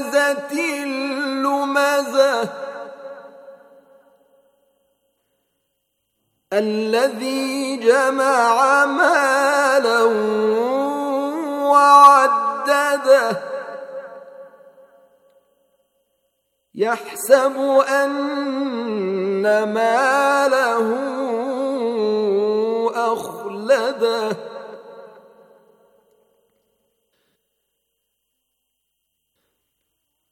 همزة لمزة الذي جمع مالا وعدده يحسب أن ماله أخلده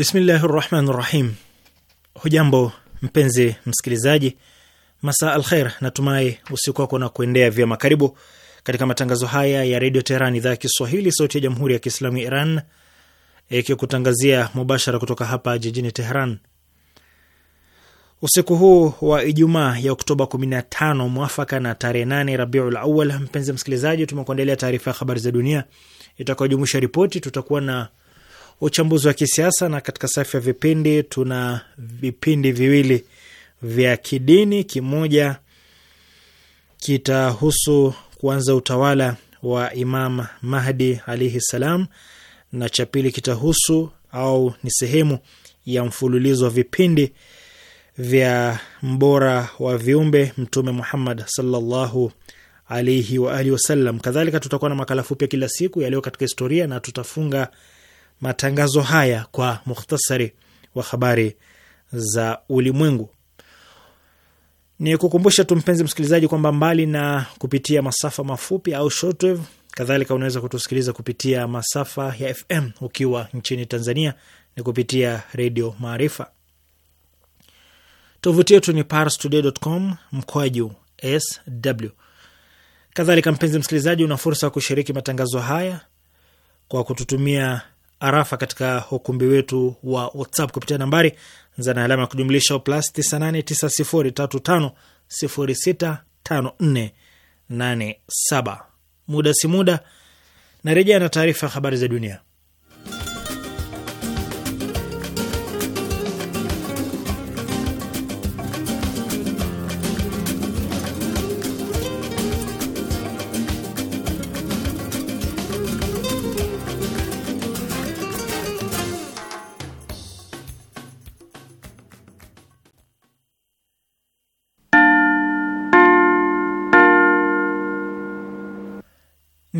Bismillahi rahmani rahim. Hujambo mpenzi msikilizaji, masa al Natumai usiku wako na kuendea vyema. Karibu katika matangazo haya ya redio Teheran, idhaa ya Kiswahili, sauti ya jamhuri ya kiislamu ya Iran, ikikutangazia mubashara kutoka hapa jijini Teheran usiku huu wa Ijumaa ya Oktoba 15 mwafaka na tarehe 8 Rabiul Awal. Mpenzi msikilizaji, tumekuandalia taarifa ya habari za dunia itakayojumuisha ripoti, tutakuwa na uchambuzi wa kisiasa, na katika safu ya vipindi tuna vipindi viwili vya kidini. Kimoja kitahusu kuanza utawala wa Imam Mahdi alaihi salam, na cha pili kitahusu au ni sehemu ya mfululizo wa vipindi vya mbora wa viumbe Mtume Muhammad sallallahu alaihi waalihi wasallam. Kadhalika tutakuwa na makala fupi ya kila siku yaliyo katika historia na tutafunga matangazo haya kwa mukhtasari wa habari za ulimwengu. Ni kukumbusha tu mpenzi msikilizaji kwamba mbali na kupitia masafa mafupi au shortwave, kadhalika unaweza kutusikiliza kupitia masafa ya FM ukiwa nchini Tanzania ni kupitia Redio Maarifa. Tovuti yetu ni parstoday.com mkwaju sw. Kadhalika mpenzi msikilizaji, una fursa ya kushiriki matangazo haya kwa kututumia arafa katika ukumbi wetu wa WhatsApp kupitia nambari za na alama ya kujumlisha plus 989035065487. Muda si muda narejea na taarifa ya habari za dunia.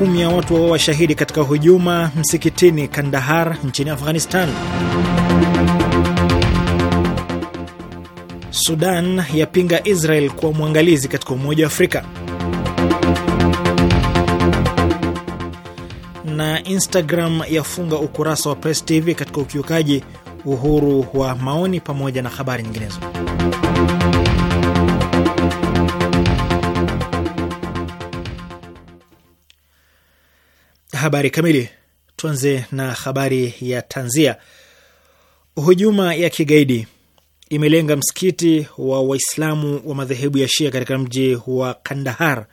makumi ya watu wa washahidi katika hujuma msikitini Kandahar nchini Afghanistan. Sudan yapinga Israel kuwa mwangalizi katika Umoja wa Afrika. Na Instagram yafunga ukurasa wa Press TV katika ukiukaji uhuru wa maoni, pamoja na habari nyinginezo. habari kamili. Tuanze na habari ya tanzia. Hujuma ya kigaidi imelenga msikiti wa Waislamu wa madhehebu ya Shia katika mji wa Kandahar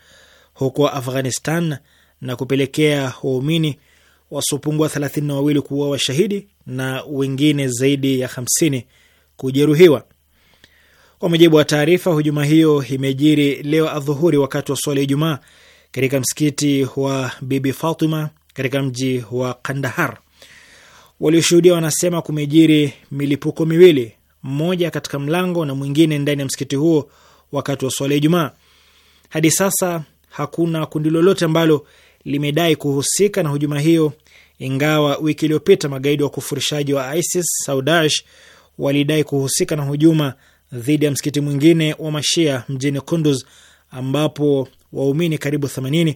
huko Afghanistan na kupelekea waumini wasiopungua thelathini na wawili kuwa washahidi na wengine zaidi ya hamsini kujeruhiwa. Kwa mujibu wa taarifa, hujuma hiyo imejiri leo adhuhuri wakati wa swala ya Ijumaa katika msikiti wa Bibi Fatima katika mji wa Kandahar. Walioshuhudia wanasema kumejiri milipuko miwili, mmoja katika mlango na mwingine ndani ya msikiti huo wakati wa swala ya Ijumaa. Hadi sasa hakuna kundi lolote ambalo limedai kuhusika na hujuma hiyo, ingawa wiki iliyopita magaidi wa kufurishaji wa ISIS au Daesh walidai kuhusika na hujuma dhidi ya msikiti mwingine wa mashia mjini Kunduz ambapo waumini karibu 80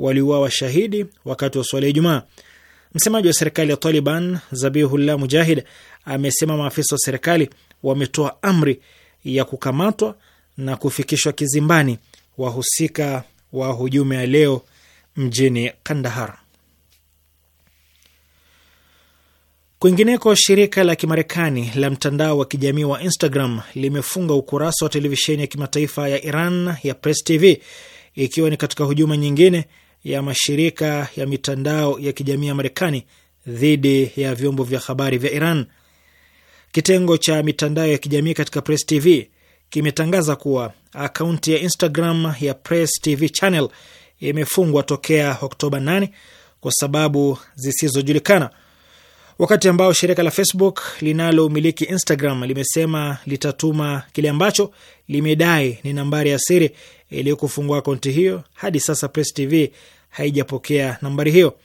waliuawa shahidi wakati wa swala ya Ijumaa. Msemaji wa serikali ya Taliban Zabihullah Mujahid amesema maafisa wa serikali wametoa amri ya kukamatwa na kufikishwa kizimbani wahusika wa hujuma ya leo mjini Kandahar. Kwingineko, shirika la Kimarekani la mtandao wa kijamii wa Instagram limefunga ukurasa wa televisheni ya kimataifa ya Iran ya Press TV ikiwa ni katika hujuma nyingine ya mashirika ya mitandao ya kijamii ya Marekani dhidi ya vyombo vya habari vya Iran. Kitengo cha mitandao ya kijamii katika Press TV kimetangaza kuwa akaunti ya Instagram ya Press TV channel imefungwa tokea Oktoba 8 kwa sababu zisizojulikana wakati ambao shirika la Facebook linalomiliki Instagram limesema litatuma kile ambacho limedai ni nambari ya siri iliyokufungua kufungua akaunti hiyo. Hadi sasa Press TV haijapokea nambari hiyo.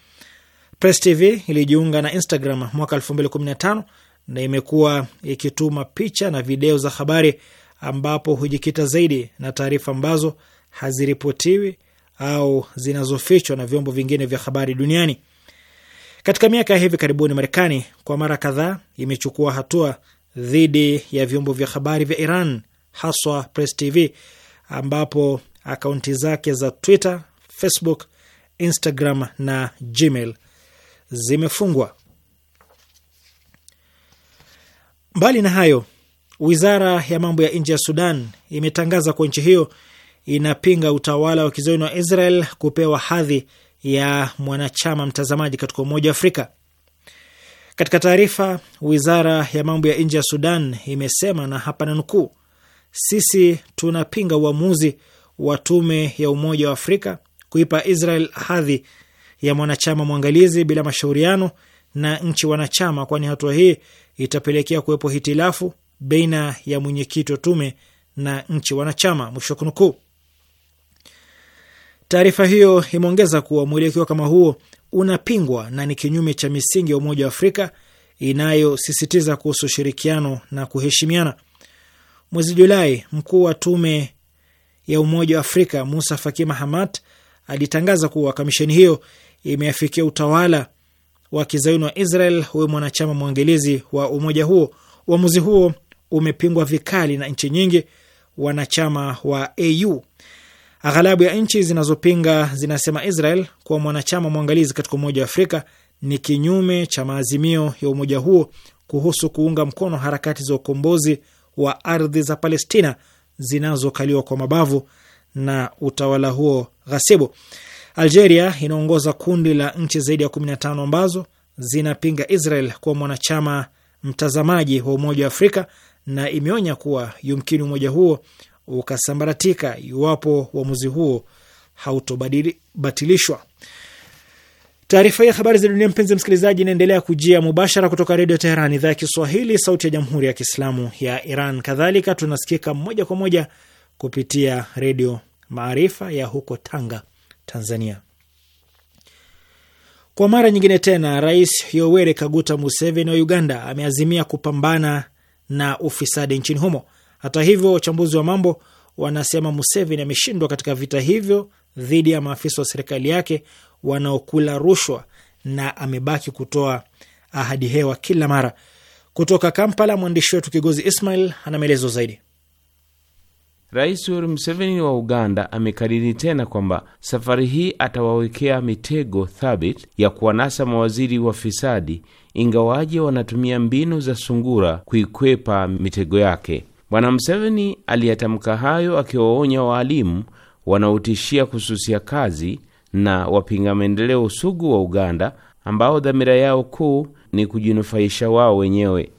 Press TV ilijiunga na Instagram mwaka 2015 na imekuwa ikituma picha na video za habari, ambapo hujikita zaidi na taarifa ambazo haziripotiwi au zinazofichwa na vyombo vingine vya habari duniani. Katika miaka ya hivi karibuni, Marekani kwa mara kadhaa imechukua hatua dhidi ya vyombo vya habari vya Iran, haswa Press TV, ambapo akaunti zake za Twitter, Facebook, Instagram na Gmail zimefungwa. Mbali na hayo, wizara ya mambo ya nje ya Sudan imetangaza kuwa nchi hiyo inapinga utawala wa kizayuni wa Israel kupewa hadhi ya mwanachama mtazamaji katika Umoja wa Afrika. Katika taarifa, wizara ya mambo ya nje ya Sudan imesema, na hapa nukuu, sisi tunapinga uamuzi wa tume ya Umoja wa Afrika kuipa Israel hadhi ya mwanachama mwangalizi bila mashauriano na nchi wanachama, kwani hatua hii itapelekea kuwepo hitilafu baina ya mwenyekiti wa tume na nchi wanachama, mwisho kunukuu. Taarifa hiyo imeongeza kuwa mwelekeo kama huo unapingwa na ni kinyume cha misingi ya Umoja wa Afrika inayosisitiza kuhusu ushirikiano na kuheshimiana. Mwezi Julai, mkuu wa tume ya Umoja wa Afrika Musa Faki Mahamat alitangaza kuwa kamisheni hiyo imeafikia utawala wa kizayuni wa Israel huwe mwanachama mwangilizi wa umoja huo. Uamuzi huo umepingwa vikali na nchi nyingi wanachama wa AU. Aghalabu ya nchi zinazopinga zinasema Israel kuwa mwanachama mwangalizi katika Umoja wa Afrika ni kinyume cha maazimio ya umoja huo kuhusu kuunga mkono harakati za ukombozi wa ardhi za Palestina zinazokaliwa kwa mabavu na utawala huo ghasibu. Algeria inaongoza kundi la nchi zaidi ya 15 ambazo zinapinga Israel kuwa mwanachama mtazamaji wa Umoja wa Afrika na imeonya kuwa yumkini umoja huo ukasambaratika iwapo uamuzi huo hautobatilishwa. Taarifa hii ya habari za dunia, mpenzi msikilizaji, inaendelea kujia mubashara kutoka Redio Teheran, idhaa ya Kiswahili, sauti ya jamhuri ya kiislamu ya Iran. Kadhalika tunasikika moja kwa moja kupitia Redio Maarifa ya huko Tanga, Tanzania. Kwa mara nyingine tena, Rais Yoweri Kaguta Museveni wa Uganda ameazimia kupambana na ufisadi nchini humo. Hata hivyo, wachambuzi wa mambo wanasema Museveni ameshindwa katika vita hivyo dhidi ya maafisa wa serikali yake wanaokula rushwa na amebaki kutoa ahadi hewa kila mara. Kutoka Kampala, mwandishi wetu Kigozi Ismail ana maelezo zaidi. Rais Yoweri Museveni wa Uganda amekariri tena kwamba safari hii atawawekea mitego thabit ya kuwanasa mawaziri wa fisadi, ingawaje wanatumia mbinu za sungura kuikwepa mitego yake. Bwana Mseveni aliyatamka hayo akiwaonya waalimu wanaotishia kususia kazi na wapinga maendeleo sugu wa Uganda ambao dhamira yao kuu ni kujinufaisha wao wenyewe.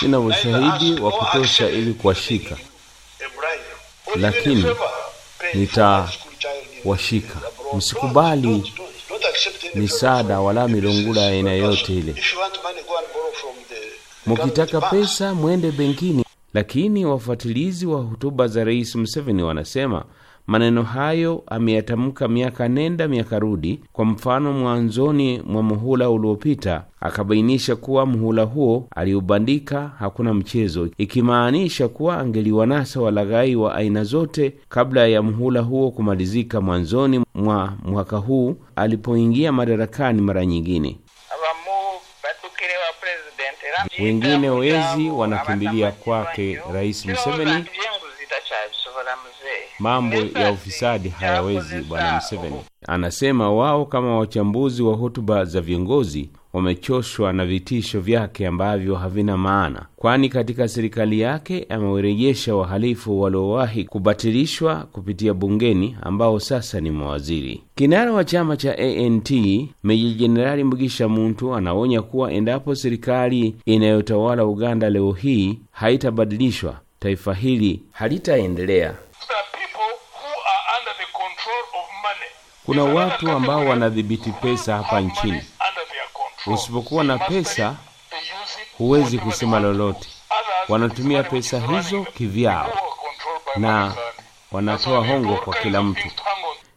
sina ushahidi wa kutosha ili kuwashika, lakini nitawashika. Msikubali misaada wala milungula ya aina yoyote ile mukitaka pesa mwende benkini. Lakini wafuatilizi wa hotuba za Rais Museveni wanasema maneno hayo ameyatamka miaka nenda miaka rudi. Kwa mfano, mwanzoni mwa muhula uliopita akabainisha kuwa muhula huo aliubandika hakuna mchezo, ikimaanisha kuwa angeliwanasa walaghai wa aina zote kabla ya muhula huo kumalizika mwanzoni mwa mwaka huu alipoingia madarakani mara nyingine wengine wezi wanakimbilia kwake Rais Museveni. Mambo ya ufisadi hayawezi, Bwana Museveni anasema. Wao kama wachambuzi wa hotuba za viongozi wamechoshwa na vitisho vyake ambavyo havina maana, kwani katika serikali yake amewerejesha wahalifu waliowahi kubatilishwa kupitia bungeni ambao sasa ni mawaziri. Kinara wa chama cha ANT Meji Jenerali Mugisha Muntu anaonya kuwa endapo serikali inayotawala Uganda leo hii haitabadilishwa, taifa hili halitaendelea. Kuna watu ambao wanadhibiti pesa hapa nchini Usipokuwa na pesa huwezi kusema lolote. Wanatumia pesa hizo kivyao na wanatoa hongo kwa kila mtu.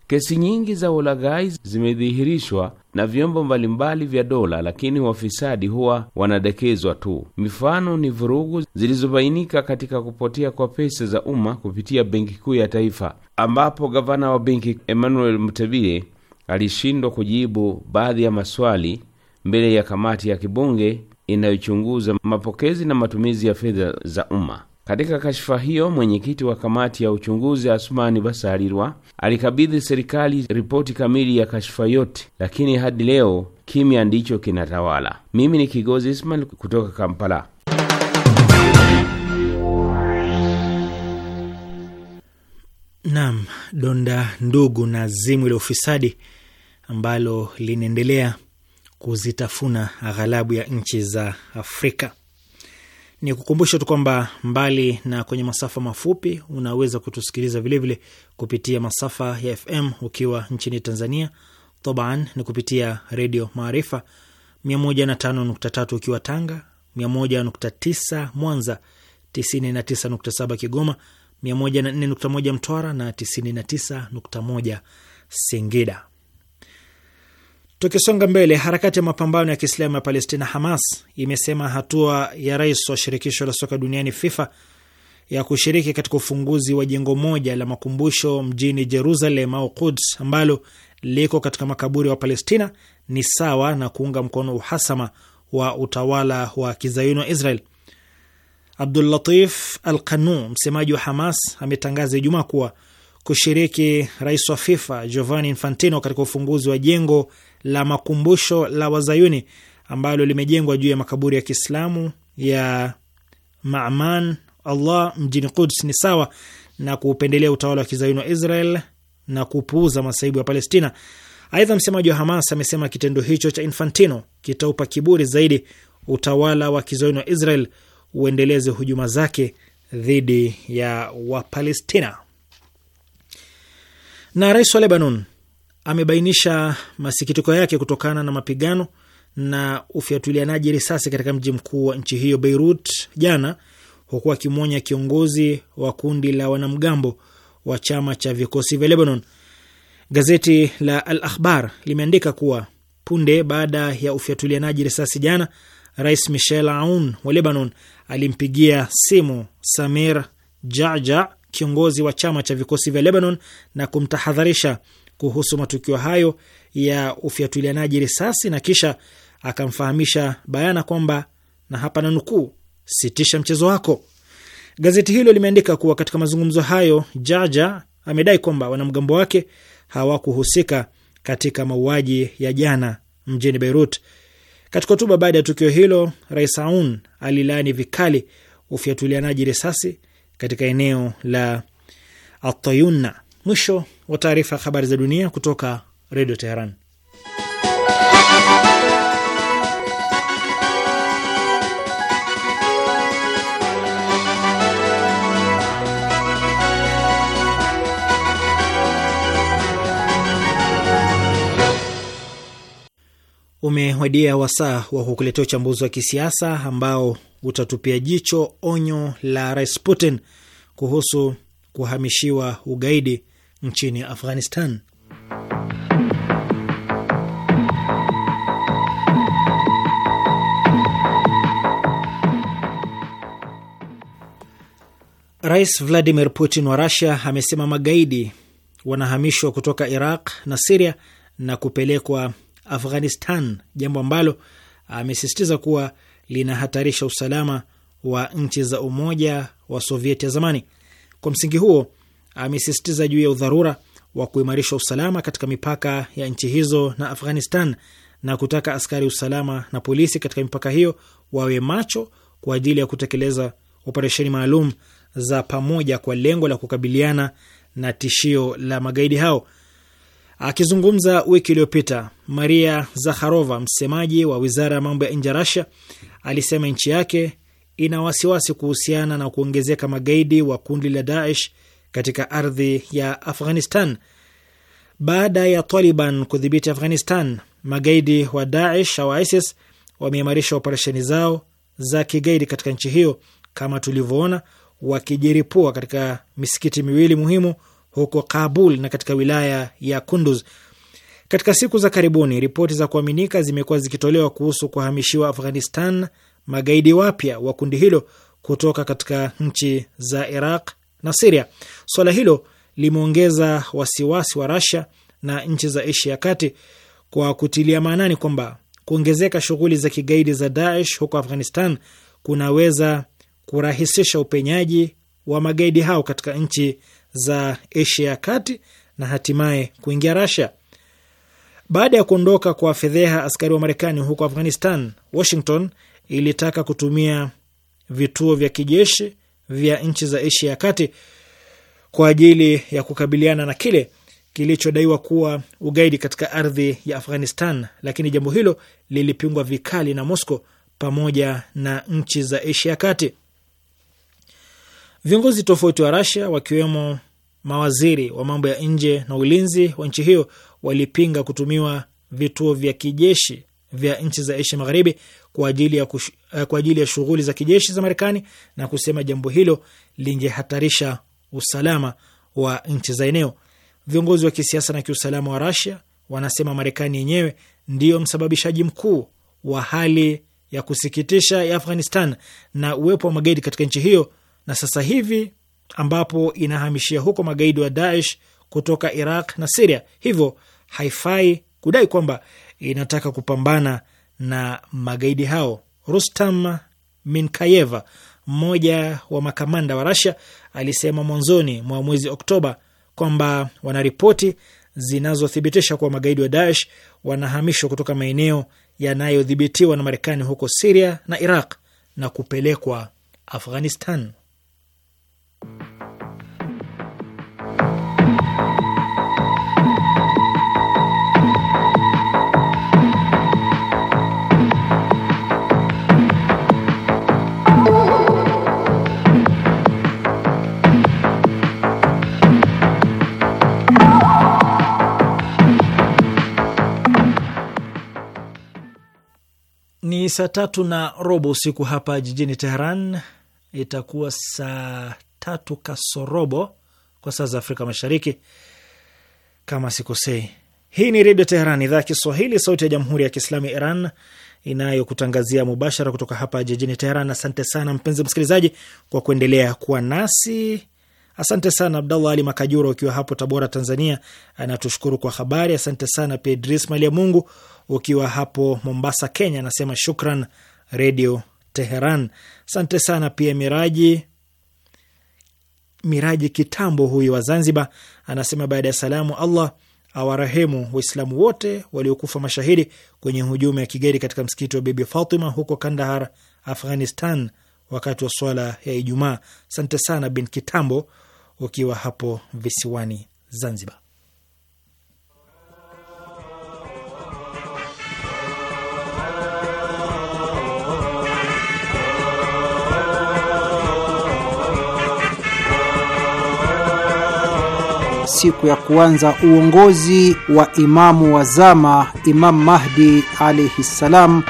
Kesi nyingi za ulaghai zimedhihirishwa na vyombo mbalimbali vya dola, lakini wafisadi huwa wanadekezwa tu. Mifano ni vurugu zilizobainika katika kupotea kwa pesa za umma kupitia Benki Kuu ya Taifa, ambapo gavana wa benki Emmanuel Mtebile alishindwa kujibu baadhi ya maswali mbele ya kamati ya kibunge inayochunguza mapokezi na matumizi ya fedha za umma. Katika kashfa hiyo, mwenyekiti wa kamati ya uchunguzi Asmani Basarirwa alikabidhi serikali ripoti kamili ya kashfa yote, lakini hadi leo kimya ndicho kinatawala. Mimi ni Kigozi Ismail kutoka Kampala. nam donda ndugu na zimwi la ufisadi ambalo linaendelea kuzitafuna aghalabu ya nchi za Afrika. Ni kukumbusha tu kwamba mbali na kwenye masafa mafupi, unaweza kutusikiliza vilevile vile kupitia masafa ya FM ukiwa nchini Tanzania toban ni kupitia Redio Maarifa 105.3 ukiwa Tanga, 101.9 Mwanza, 99.7 Kigoma, 104.1 Mtwara na 99.1 Singida. Tukisonga mbele, harakati ya mapambano ya Kiislamu ya Palestina, Hamas, imesema hatua ya rais wa shirikisho la soka duniani FIFA ya kushiriki katika ufunguzi wa jengo moja la makumbusho mjini Jerusalem au Quds ambalo liko katika makaburi wa Palestina ni sawa na kuunga mkono uhasama wa utawala wa kizayuni wa Israel. Abdul Latif Al Qanu, msemaji wa Hamas, ametangaza Ijumaa kuwa kushiriki rais wa FIFA Giovanni Infantino katika ufunguzi wa jengo la makumbusho la Wazayuni ambalo limejengwa juu ya makaburi ya Kiislamu ya Maaman Allah mjini Quds ni sawa na kuupendelea utawala wa Kizayuni wa Israel na kupuuza masaibu ya Palestina. Aidha, msemaji wa Hamas amesema kitendo hicho cha Infantino kitaupa kiburi zaidi utawala wa Kizayuni wa Israel uendeleze hujuma zake dhidi ya Wapalestina. Na rais wa Lebanon amebainisha masikitiko yake kutokana na mapigano na ufyatulianaji risasi katika mji mkuu wa nchi hiyo Beirut jana, huku akimwonya kiongozi wa kundi la wanamgambo wa chama cha vikosi vya Lebanon. Gazeti la Al Akhbar limeandika kuwa punde baada ya ufyatulianaji risasi jana, Rais Michel Aoun wa Lebanon alimpigia simu Samir Jaja kiongozi wa chama cha vikosi vya Lebanon na kumtahadharisha kuhusu matukio hayo ya ufyatulianaji risasi na kisha akamfahamisha bayana kwamba, na hapa na nukuu, sitisha mchezo wako. Gazeti hilo limeandika kuwa katika mazungumzo hayo Jaja amedai kwamba wanamgambo wake hawakuhusika katika mauaji ya jana mjini Beirut. Katika hotuba baada ya tukio hilo, Rais Aoun alilaani vikali ufyatulianaji risasi katika eneo la atayuna Mwisho wa taarifa ya habari za dunia kutoka Redio Teheran. umewadia wasaa wa kukuletea uchambuzi wa kisiasa ambao utatupia jicho onyo la Rais Putin kuhusu kuhamishiwa ugaidi nchini Afghanistan. Rais Vladimir Putin wa Rusia amesema magaidi wanahamishwa kutoka Iraq na Siria na kupelekwa Afghanistan, jambo ambalo amesisitiza kuwa linahatarisha usalama wa nchi za Umoja wa Sovieti ya zamani. Kwa msingi huo, amesisitiza juu ya udharura wa kuimarisha usalama katika mipaka ya nchi hizo na Afghanistan na kutaka askari usalama na polisi katika mipaka hiyo wawe macho kwa ajili ya kutekeleza operesheni maalum za pamoja kwa lengo la kukabiliana na tishio la magaidi hao. Akizungumza wiki iliyopita, Maria Zakharova, msemaji wa wizara ya mambo ya nje ya Rasia, alisema nchi yake ina wasiwasi kuhusiana na kuongezeka magaidi wa kundi la Daesh katika ardhi ya Afghanistan. Baada ya Taliban kudhibiti Afghanistan, magaidi wa Daesh au ISIS wameimarisha operesheni zao za kigaidi katika nchi hiyo, kama tulivyoona wakijiripua katika misikiti miwili muhimu huko Kabul na katika wilaya ya Kunduz. Katika siku za karibuni, ripoti za kuaminika zimekuwa zikitolewa kuhusu kuhamishiwa Afghanistan magaidi wapya wa kundi hilo kutoka katika nchi za Iraq na Siria. Swala hilo limeongeza wasiwasi wa rasia na nchi za Asia ya Kati kwa kutilia maanani kwamba kuongezeka shughuli za kigaidi za Daesh huko Afghanistan kunaweza kurahisisha upenyaji wa magaidi hao katika nchi za Asia ya kati na hatimaye kuingia Rasia. Baada ya kuondoka kwa fedheha askari wa Marekani huko Afghanistan, Washington ilitaka kutumia vituo vya kijeshi vya nchi za Asia ya kati kwa ajili ya kukabiliana na kile kilichodaiwa kuwa ugaidi katika ardhi ya Afghanistan, lakini jambo hilo lilipingwa vikali na Moscow pamoja na nchi za Asia ya kati. Viongozi tofauti wa Rasia wakiwemo mawaziri wa mambo ya nje na ulinzi wa nchi hiyo walipinga kutumiwa vituo vya kijeshi vya nchi za Asia Magharibi kwa ajili ya, kush... Eh, kwa ajili ya shughuli za kijeshi za Marekani na kusema jambo hilo lingehatarisha usalama wa nchi za eneo. Viongozi wa kisiasa na kiusalama wa Rasia wanasema Marekani yenyewe ndiyo msababishaji mkuu wa hali ya kusikitisha ya Afghanistan na uwepo wa magaidi katika nchi hiyo na sasa hivi ambapo inahamishia huko magaidi wa Daesh kutoka Iraq na Siria, hivyo haifai kudai kwamba inataka kupambana na magaidi hao. Rustam Minkayeva, mmoja wa makamanda wa Rasia, alisema mwanzoni mwa mwezi Oktoba kwamba wanaripoti zinazothibitisha kuwa magaidi wa Daesh wanahamishwa kutoka maeneo yanayodhibitiwa na Marekani huko Siria na Iraq na kupelekwa Afghanistan. Ni saa tatu na robo usiku hapa jijini Teheran, itakuwa saa tatu kasorobo kwa saa za Afrika Mashariki, kama sikosei. Hii ni Redio Teheran, idhaa ya Kiswahili, sauti ya Jamhuri ya Kiislamu ya Iran inayokutangazia mubashara kutoka hapa jijini Teheran. Asante sana mpenzi msikilizaji kwa kuendelea kuwa nasi. Asante sana Abdallah Ali Makajura ukiwa hapo Tabora, Tanzania, anatushukuru kwa habari. Asante sana pia Idris Malia Mungu ukiwa hapo Mombasa, Kenya, anasema shukran Redio Teheran. Asante sana pia Miraji Miraji Kitambo huyu wa Zanzibar anasema baada ya salamu, Allah awarehemu Waislamu wote waliokufa mashahidi kwenye hujuma ya kigeri katika msikiti wa Bibi Fatima huko Kandahar, Afghanistan, wakati wa swala ya Ijumaa. Asante sana bin Kitambo, ukiwa hapo visiwani Zanzibar. siku ya kuanza uongozi wa imamu wa zama, Imam Mahdi alaihi ssalam.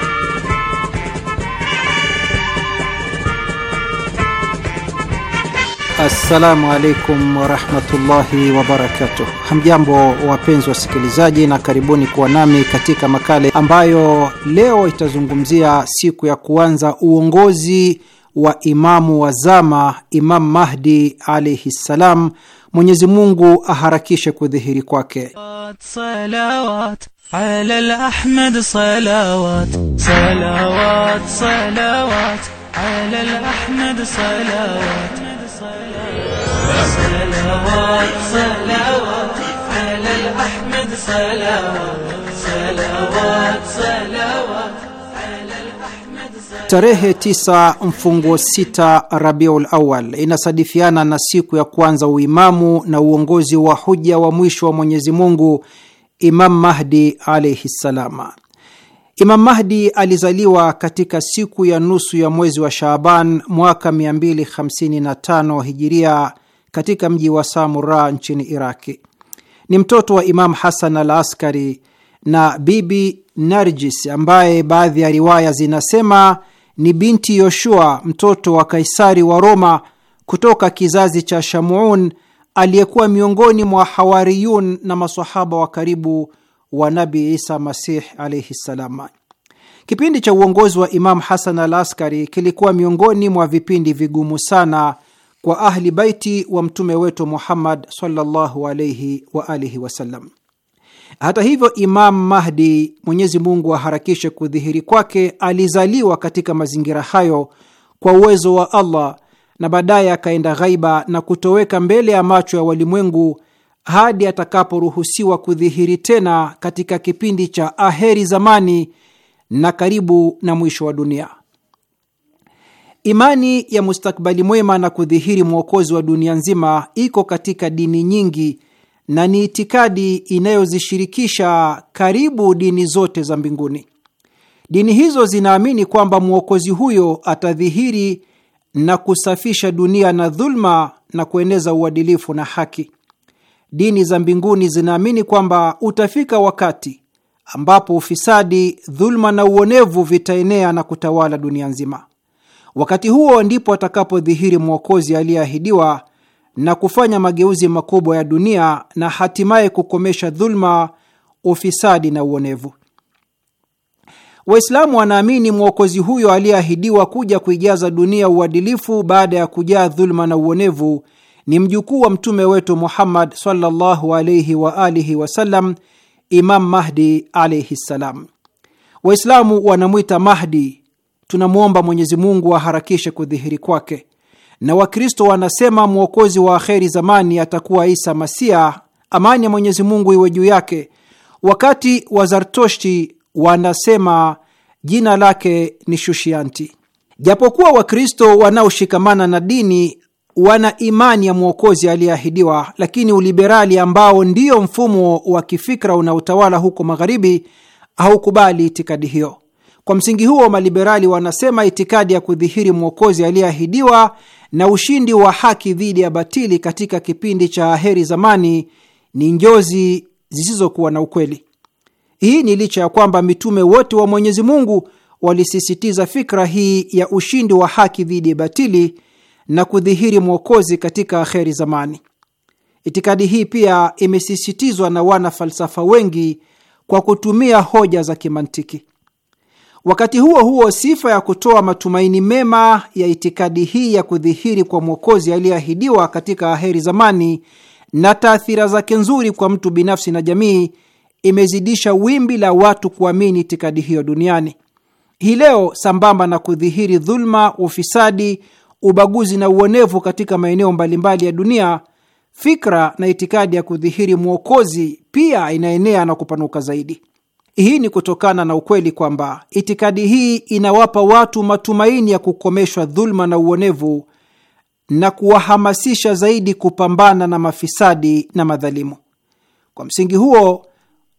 Assalamu alaikum warahmatullahi wabarakatuh. Hamjambo wapenzi wasikilizaji, na karibuni kuwa nami katika makale ambayo leo itazungumzia siku ya kuanza uongozi wa imamu wa zama Imam Mahdi alaihi ssalam, Mwenyezi Mungu aharakishe kudhihiri kwake. Salawat ala al-Ahmad, salawat salawat salawat ala al-Ahmad, salawat salawat salawat ala al-Ahmad, salawat salawat salawat Tarehe tisa mfunguo sita Rabiul Awal inasadifiana na siku ya kwanza uimamu na uongozi wa huja wa mwisho wa Mwenyezi Mungu, Imam Mahdi alaihi ssalama. Imam Mahdi alizaliwa katika siku ya nusu ya mwezi wa Shaaban mwaka 255 hijiria katika mji wa Samura nchini Iraki. Ni mtoto wa Imam Hasan al Askari na Bibi Narjis ambaye baadhi ya riwaya zinasema ni binti Yoshua mtoto wa Kaisari wa Roma kutoka kizazi cha Shamuun aliyekuwa miongoni mwa hawariyun na masahaba wa karibu wa Nabi Isa Masih alaihi ssalam. Kipindi cha uongozi wa Imam Hasan al Askari kilikuwa miongoni mwa vipindi vigumu sana kwa Ahli Baiti wa mtume wetu Muhammad sallallahu alaihi alihi wasallam. Hata hivyo, Imam Mahdi, Mwenyezi Mungu aharakishe kudhihiri kwake, alizaliwa katika mazingira hayo kwa uwezo wa Allah na baadaye akaenda ghaiba na kutoweka mbele ya macho ya walimwengu hadi atakaporuhusiwa kudhihiri tena katika kipindi cha aheri zamani na karibu na mwisho wa dunia. Imani ya mustakbali mwema na kudhihiri mwokozi wa dunia nzima iko katika dini nyingi na ni itikadi inayozishirikisha karibu dini zote za mbinguni. Dini hizo zinaamini kwamba mwokozi huyo atadhihiri na kusafisha dunia na dhulma na kueneza uadilifu na haki. Dini za mbinguni zinaamini kwamba utafika wakati ambapo ufisadi, dhulma na uonevu vitaenea na kutawala dunia nzima. Wakati huo ndipo atakapodhihiri mwokozi aliyeahidiwa na kufanya mageuzi makubwa ya dunia na hatimaye kukomesha dhuluma, ufisadi na uonevu. Waislamu wanaamini mwokozi huyo aliyeahidiwa kuja kuijaza dunia uadilifu baada ya kujaa dhuluma na uonevu ni mjukuu wa mtume wetu Muhammad sallallahu wa alihi wasallam, Imam Mahdi alaihi ssalam. Waislamu wanamwita Mahdi. Tunamwomba Mwenyezi Mungu aharakishe kudhihiri kwake na Wakristo wanasema mwokozi wa akheri zamani atakuwa Isa Masia, amani ya Mwenyezi Mungu iwe juu yake, wakati wa Zartoshti wanasema jina lake ni Shushianti. Japokuwa Wakristo wanaoshikamana na dini wana imani ya mwokozi aliyeahidiwa, lakini uliberali ambao ndiyo mfumo wa kifikra unaotawala huko magharibi haukubali itikadi hiyo. Kwa msingi huo, maliberali wanasema itikadi ya kudhihiri mwokozi aliyeahidiwa na ushindi wa haki dhidi ya batili katika kipindi cha heri zamani ni njozi zisizokuwa na ukweli. Hii ni licha ya kwamba mitume wote wa Mwenyezi Mungu walisisitiza fikra hii ya ushindi wa haki dhidi ya batili na kudhihiri mwokozi katika heri zamani. Itikadi hii pia imesisitizwa na wana falsafa wengi kwa kutumia hoja za kimantiki. Wakati huo huo, sifa ya kutoa matumaini mema ya itikadi hii ya kudhihiri kwa Mwokozi aliyeahidiwa katika aheri zamani na taathira zake nzuri kwa mtu binafsi na jamii imezidisha wimbi la watu kuamini itikadi hiyo duniani. Hii leo, sambamba na kudhihiri dhuluma, ufisadi, ubaguzi na uonevu katika maeneo mbalimbali ya dunia, fikra na itikadi ya kudhihiri mwokozi pia inaenea na kupanuka zaidi. Hii ni kutokana na ukweli kwamba itikadi hii inawapa watu matumaini ya kukomeshwa dhuluma na uonevu na kuwahamasisha zaidi kupambana na mafisadi na madhalimu. Kwa msingi huo,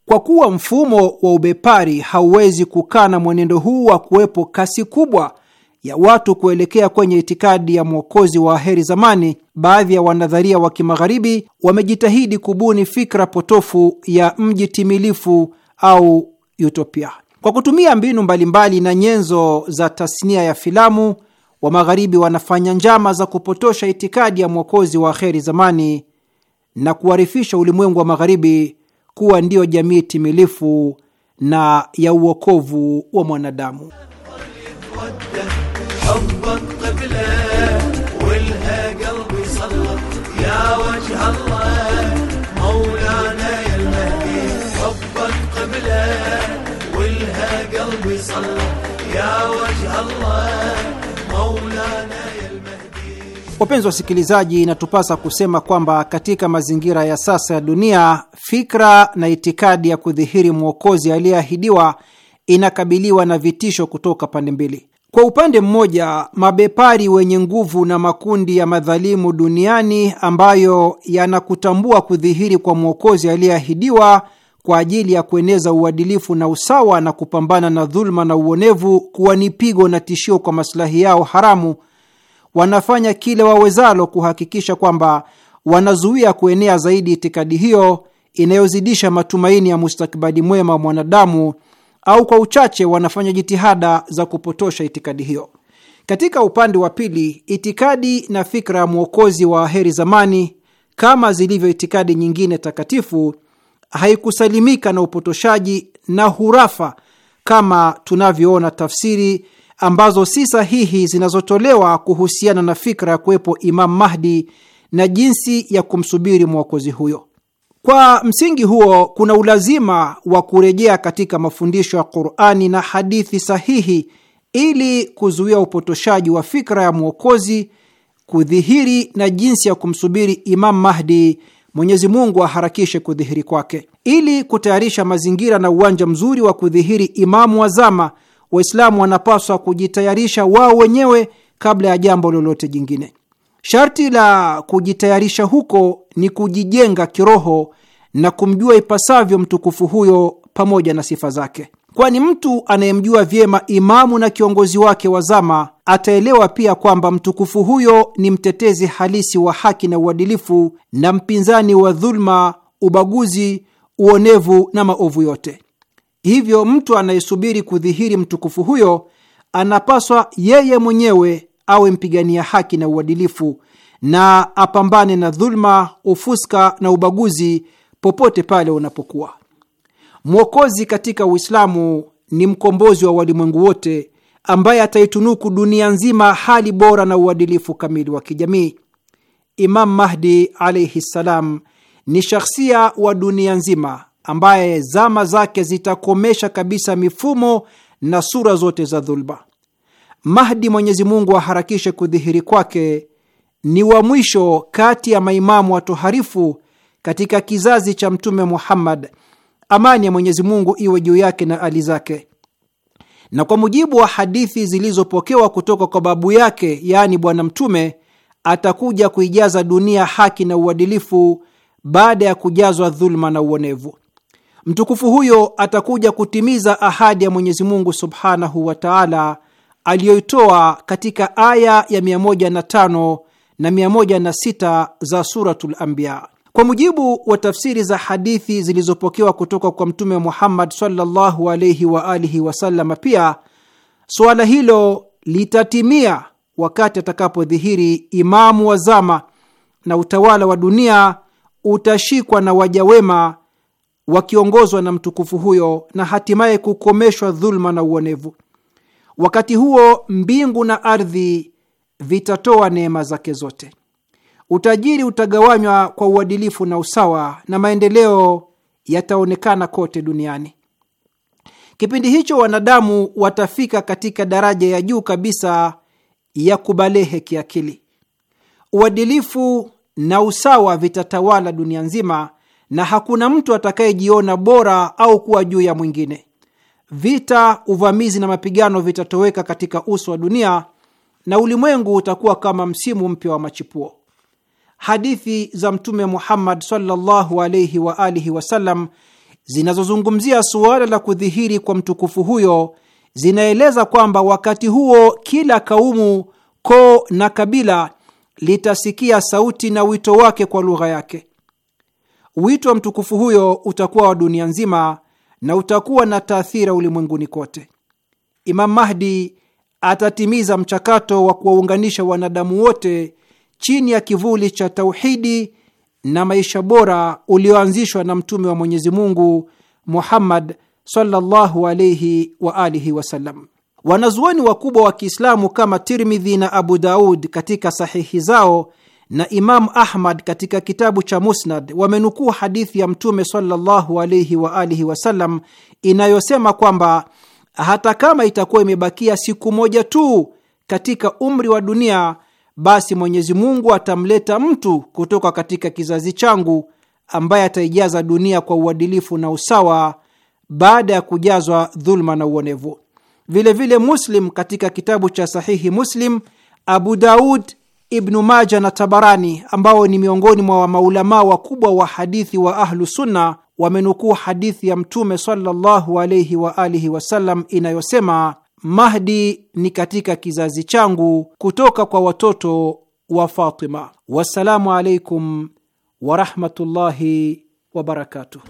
kwa kuwa mfumo wa ubepari hauwezi kukaa na mwenendo huu wa kuwepo kasi kubwa ya watu kuelekea kwenye itikadi ya mwokozi wa heri zamani, baadhi ya wanadharia wa kimagharibi wamejitahidi kubuni fikra potofu ya mji timilifu au utopia. Kwa kutumia mbinu mbalimbali na nyenzo za tasnia ya filamu, wa Magharibi wanafanya njama za kupotosha itikadi ya mwokozi wa akheri zamani na kuwarifisha ulimwengu wa Magharibi kuwa ndiyo jamii timilifu na ya uokovu wa mwanadamu. Wapenzi wasikilizaji, inatupasa kusema kwamba katika mazingira ya sasa ya dunia, fikra na itikadi ya kudhihiri mwokozi aliyeahidiwa inakabiliwa na vitisho kutoka pande mbili. Kwa upande mmoja, mabepari wenye nguvu na makundi ya madhalimu duniani ambayo yanakutambua kudhihiri kwa mwokozi aliyeahidiwa kwa ajili ya kueneza uadilifu na usawa na kupambana na dhuluma na uonevu kuwa ni pigo na tishio kwa masilahi yao haramu, wanafanya kile wawezalo kuhakikisha kwamba wanazuia kuenea zaidi itikadi hiyo inayozidisha matumaini ya mustakabali mwema wa mwanadamu, au kwa uchache wanafanya jitihada za kupotosha itikadi hiyo. Katika upande wa pili, itikadi na fikra ya mwokozi wa aheri zamani, kama zilivyo itikadi nyingine takatifu haikusalimika na upotoshaji na hurafa kama tunavyoona tafsiri ambazo si sahihi zinazotolewa kuhusiana na fikra ya kuwepo Imam Mahdi na jinsi ya kumsubiri mwokozi huyo. Kwa msingi huo, kuna ulazima wa kurejea katika mafundisho ya Qur'ani na hadithi sahihi ili kuzuia upotoshaji wa fikra ya mwokozi, kudhihiri na jinsi ya kumsubiri Imam Mahdi Mwenyezi Mungu aharakishe kudhihiri kwake. Ili kutayarisha mazingira na uwanja mzuri wa kudhihiri imamu wa zama, Waislamu wanapaswa kujitayarisha wao wenyewe kabla ya jambo lolote jingine. Sharti la kujitayarisha huko ni kujijenga kiroho na kumjua ipasavyo mtukufu huyo pamoja na sifa zake kwani mtu anayemjua vyema imamu na kiongozi wake wa zama ataelewa pia kwamba mtukufu huyo ni mtetezi halisi wa haki na uadilifu na mpinzani wa dhuluma, ubaguzi, uonevu na maovu yote. Hivyo mtu anayesubiri kudhihiri mtukufu huyo anapaswa yeye mwenyewe awe mpigania haki na uadilifu na apambane na dhuluma, ufuska na ubaguzi popote pale unapokuwa. Mwokozi katika Uislamu ni mkombozi wa walimwengu wote ambaye ataitunuku dunia nzima hali bora na uadilifu kamili wa kijamii. Imam Mahdi alaihi ssalam ni shakhsia wa dunia nzima ambaye zama zake zitakomesha kabisa mifumo na sura zote za dhulba. Mahdi, Mwenyezi Mungu aharakishe kudhihiri kwake, ni wa mwisho kati ya maimamu watoharifu katika kizazi cha Mtume Muhammad amani ya Mwenyezi Mungu iwe juu yake na ali zake. Na kwa mujibu wa hadithi zilizopokewa kutoka kwa babu yake, yaani Bwana Mtume, atakuja kuijaza dunia haki na uadilifu baada ya kujazwa dhuluma na uonevu. Mtukufu huyo atakuja kutimiza ahadi ya Mwenyezi Mungu subhanahu wa taala aliyoitoa katika aya ya 105 na 106 za Suratul Anbiya. Kwa mujibu wa tafsiri za hadithi zilizopokewa kutoka kwa Mtume Muhammad sallallahu alaihi wa alihi wasallam, pia suala hilo litatimia wakati atakapodhihiri Imamu wa zama na utawala wa dunia utashikwa na waja wema wakiongozwa na mtukufu huyo na hatimaye kukomeshwa dhuluma na uonevu. Wakati huo mbingu na ardhi vitatoa neema zake zote utajiri utagawanywa kwa uadilifu na usawa, na maendeleo yataonekana kote duniani. Kipindi hicho wanadamu watafika katika daraja ya juu kabisa ya kubalehe kiakili. Uadilifu na usawa vitatawala dunia nzima, na hakuna mtu atakayejiona bora au kuwa juu ya mwingine. Vita, uvamizi na mapigano vitatoweka katika uso wa dunia, na ulimwengu utakuwa kama msimu mpya wa machipuo hadithi za Mtume Muhammad sallallahu alaihi wa alihi wasallam zinazozungumzia suala la kudhihiri kwa mtukufu huyo zinaeleza kwamba wakati huo kila kaumu, koo na kabila litasikia sauti na wito wake kwa lugha yake. Wito wa mtukufu huyo utakuwa wa dunia nzima na utakuwa na taathira ulimwenguni kote. Imam Mahdi atatimiza mchakato wa kuwaunganisha wanadamu wote chini ya kivuli cha tauhidi na maisha bora ulioanzishwa na mtume wa Mwenyezi Mungu Muhammad sallallahu alayhi wa alihi wasallam. Wanazuoni wakubwa wa Kiislamu kama Tirmidhi na Abu Daud katika sahihi zao na Imamu Ahmad katika kitabu cha Musnad wamenukuu hadithi ya Mtume sallallahu alayhi wa alihi wasallam inayosema kwamba hata kama itakuwa imebakia siku moja tu katika umri wa dunia basi Mwenyezi Mungu atamleta mtu kutoka katika kizazi changu ambaye ataijaza dunia kwa uadilifu na usawa baada ya kujazwa dhuluma na uonevu. Vilevile Muslim katika kitabu cha Sahihi Muslim, Abu Daud, Ibnu Maja na Tabarani, ambao ni miongoni mwa maulamaa wakubwa wa hadithi wa Ahlu Sunna, wamenukuu hadithi ya Mtume sallallahu alaihi waalihi wasallam inayosema Mahdi ni katika kizazi changu kutoka kwa watoto wa Fatima. Wassalamu alaikum warahmatullahi wabarakatuh.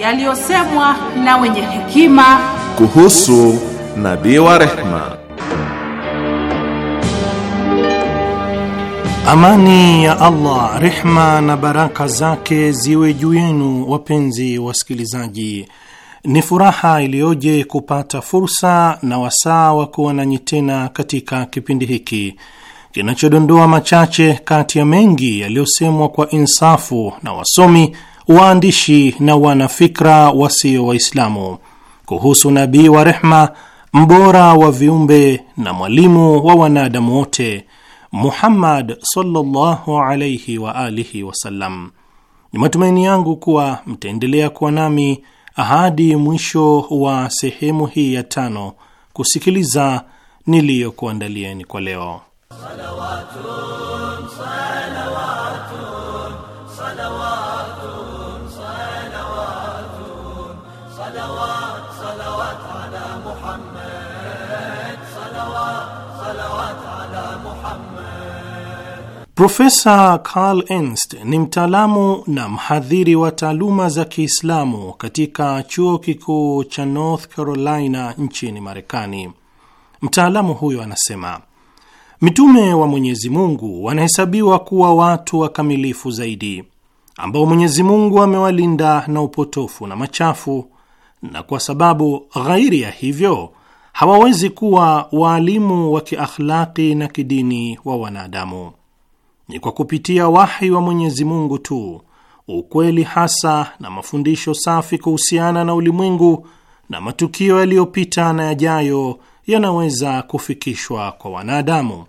yaliyosemwa na wenye hekima kuhusu nabii wa rehma. Amani ya Allah, rehma na baraka zake ziwe juu yenu, wapenzi wasikilizaji. Ni furaha iliyoje kupata fursa na wasaa wa kuwa nanyi tena katika kipindi hiki kinachodondoa machache kati ya mengi yaliyosemwa kwa insafu na wasomi waandishi na wanafikra wasio Waislamu kuhusu nabii wa rehma, mbora wa viumbe na mwalimu wa wanadamu wote, Muhammad sallallahu alayhi wa alihi wasallam. Ni matumaini yangu kuwa mtaendelea kuwa nami hadi mwisho wa sehemu hii ya tano kusikiliza niliyokuandalieni kwa leo. Salawatun, salawatun. Profesa Karl Ernst ni mtaalamu na mhadhiri wa taaluma za Kiislamu katika chuo kikuu cha North Carolina nchini Marekani. Mtaalamu huyo anasema mitume wa Mwenyezi Mungu wanahesabiwa kuwa watu wakamilifu zaidi ambao Mwenyezi Mungu amewalinda na upotofu na machafu, na kwa sababu ghairi ya hivyo hawawezi kuwa waalimu wa kiakhlaki na kidini wa wanadamu ni kwa kupitia wahi wa Mwenyezi Mungu tu ukweli hasa na mafundisho safi kuhusiana na ulimwengu na matukio yaliyopita na yajayo yanaweza kufikishwa kwa wanadamu.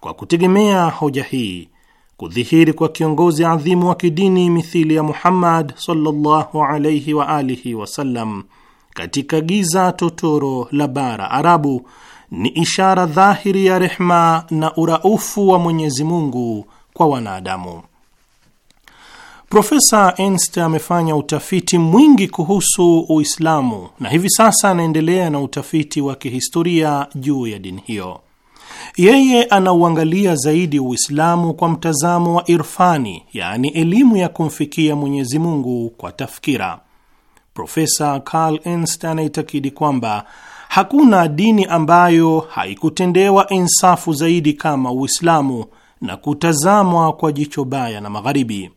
Kwa kutegemea hoja hii, kudhihiri kwa kiongozi adhimu wa kidini mithili ya Muhammad sallallahu alayhi wa alihi wasallam katika giza totoro la bara Arabu ni ishara dhahiri ya rehma na uraufu wa Mwenyezi Mungu kwa wanadamu. Profesa Ernst amefanya utafiti mwingi kuhusu Uislamu na hivi sasa anaendelea na utafiti wa kihistoria juu ya dini hiyo. Yeye anauangalia zaidi Uislamu kwa mtazamo wa irfani, yaani elimu ya kumfikia Mwenyezi Mungu kwa tafkira. Profesa Karl Ernst anaitakidi kwamba Hakuna dini ambayo haikutendewa insafu zaidi kama Uislamu na kutazamwa kwa jicho baya na Magharibi.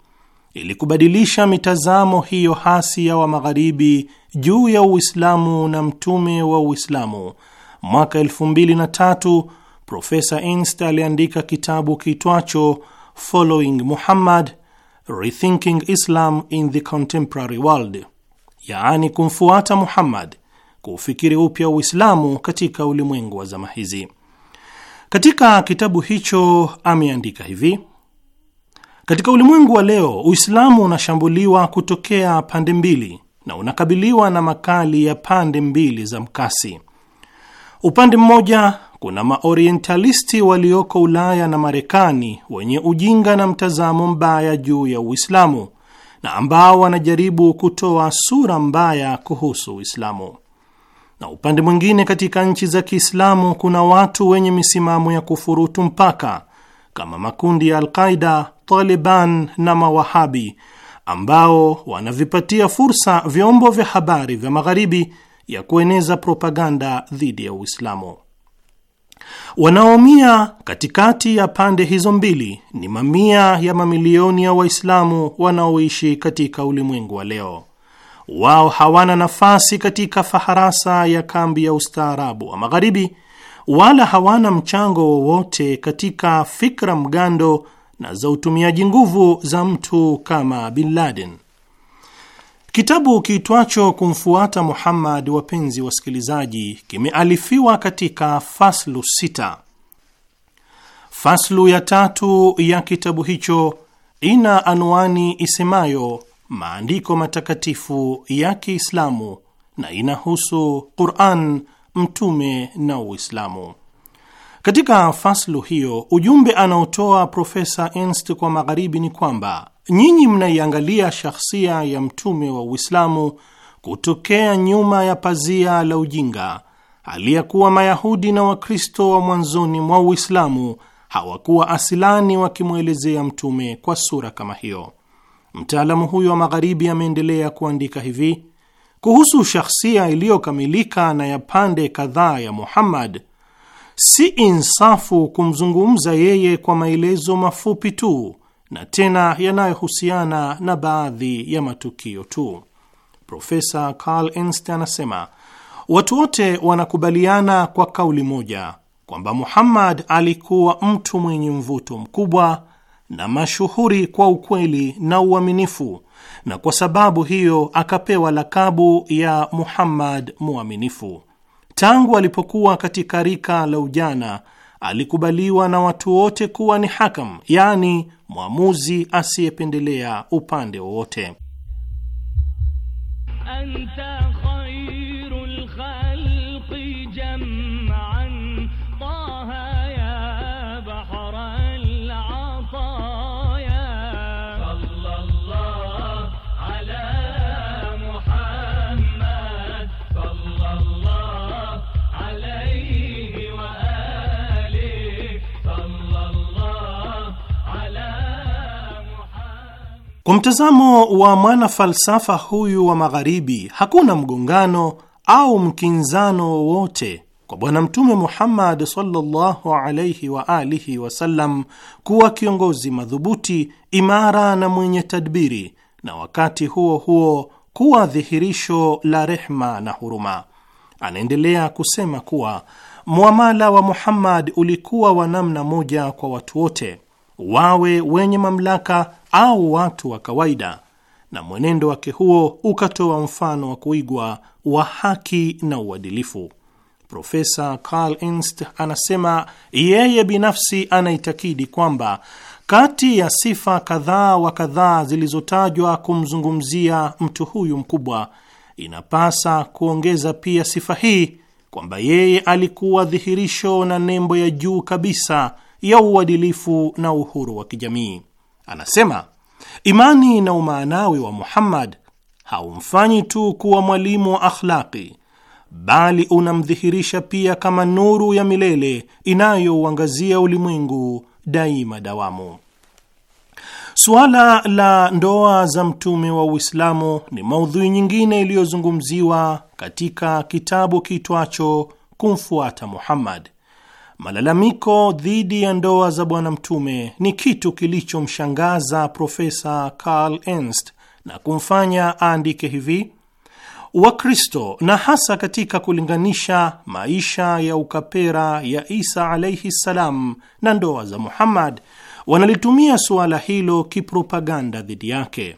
Ili kubadilisha mitazamo hiyo hasi ya wa Magharibi juu ya Uislamu na mtume wa Uislamu, mwaka 23 Profesa Inst aliandika kitabu kitwacho Following Muhammad Rethinking Islam in the Contemporary World, yaani kumfuata Muhammad ufikiri upya Uislamu katika ulimwengu wa zama hizi. Katika kitabu hicho ameandika hivi: katika ulimwengu wa leo Uislamu unashambuliwa kutokea pande mbili na unakabiliwa na makali ya pande mbili za mkasi. Upande mmoja kuna maorientalisti walioko Ulaya na Marekani wenye ujinga na mtazamo mbaya juu ya Uislamu na ambao wanajaribu kutoa sura mbaya kuhusu Uislamu na upande mwingine katika nchi za Kiislamu kuna watu wenye misimamo ya kufurutu mpaka kama makundi ya Alqaida, Taliban na Mawahabi ambao wanavipatia fursa vyombo vya habari vya Magharibi ya kueneza propaganda dhidi ya Uislamu. Wanaoumia katikati ya pande hizo mbili ni mamia ya mamilioni ya Waislamu wanaoishi katika ulimwengu wa leo wao hawana nafasi katika faharasa ya kambi ya ustaarabu wa Magharibi, wala hawana mchango wowote katika fikra mgando na za utumiaji nguvu za mtu kama Bin Laden. Kitabu kiitwacho Kumfuata Muhammad, wapenzi wasikilizaji, kimealifiwa katika faslu sita. Faslu ya tatu ya kitabu hicho ina anwani isemayo maandiko matakatifu ya Kiislamu na inahusu Quran, Mtume na Uislamu. Katika faslu hiyo, ujumbe anaotoa Profesa Ernst kwa Magharibi ni kwamba nyinyi mnaiangalia shahsia ya mtume wa Uislamu kutokea nyuma ya pazia la ujinga, aliyekuwa Mayahudi na Wakristo wa mwanzoni mwa Uislamu hawakuwa asilani wakimwelezea mtume kwa sura kama hiyo. Mtaalamu huyo wa Magharibi ameendelea kuandika hivi kuhusu shahsia iliyokamilika na ya pande kadhaa ya Muhammad: si insafu kumzungumza yeye kwa maelezo mafupi tu na tena yanayohusiana na baadhi ya matukio tu. Profesa Carl Ernst anasema watu wote wanakubaliana kwa kauli moja kwamba Muhammad alikuwa mtu mwenye mvuto mkubwa na mashuhuri kwa ukweli na uaminifu, na kwa sababu hiyo akapewa lakabu ya Muhammad Mwaminifu. Tangu alipokuwa katika rika la ujana, alikubaliwa na watu wote kuwa ni hakam, yaani mwamuzi asiyependelea upande wowote. Kwa mtazamo wa mwana falsafa huyu wa Magharibi, hakuna mgongano au mkinzano wowote kwa Bwana Mtume Muhammad sallallahu alayhi wa alihi wasallam kuwa kiongozi madhubuti, imara na mwenye tadbiri, na wakati huo huo kuwa dhihirisho la rehma na huruma. Anaendelea kusema kuwa mwamala wa Muhammad ulikuwa wa namna moja kwa watu wote wawe wenye mamlaka au watu wa kawaida, na mwenendo wake huo ukatoa mfano wa kuigwa wa haki na uadilifu. Profesa Karl Ernst anasema yeye binafsi anaitakidi kwamba kati ya sifa kadhaa wa kadhaa zilizotajwa kumzungumzia mtu huyu mkubwa, inapasa kuongeza pia sifa hii kwamba yeye alikuwa dhihirisho na nembo ya juu kabisa ya uadilifu na uhuru wa kijamii. Anasema imani na umaanawi wa Muhammad haumfanyi tu kuwa mwalimu wa akhlaqi, bali unamdhihirisha pia kama nuru ya milele inayouangazia ulimwengu daima dawamu. Suala la ndoa za mtume wa Uislamu ni maudhui nyingine iliyozungumziwa katika kitabu kitwacho Kumfuata Muhammad. Malalamiko dhidi ya ndoa za Bwana Mtume ni kitu kilichomshangaza Profesa Karl Ernst na kumfanya aandike hivi: Wakristo na hasa katika kulinganisha maisha ya ukapera ya Isa alaihi ssalam na ndoa za Muhammad wanalitumia suala hilo kipropaganda dhidi yake.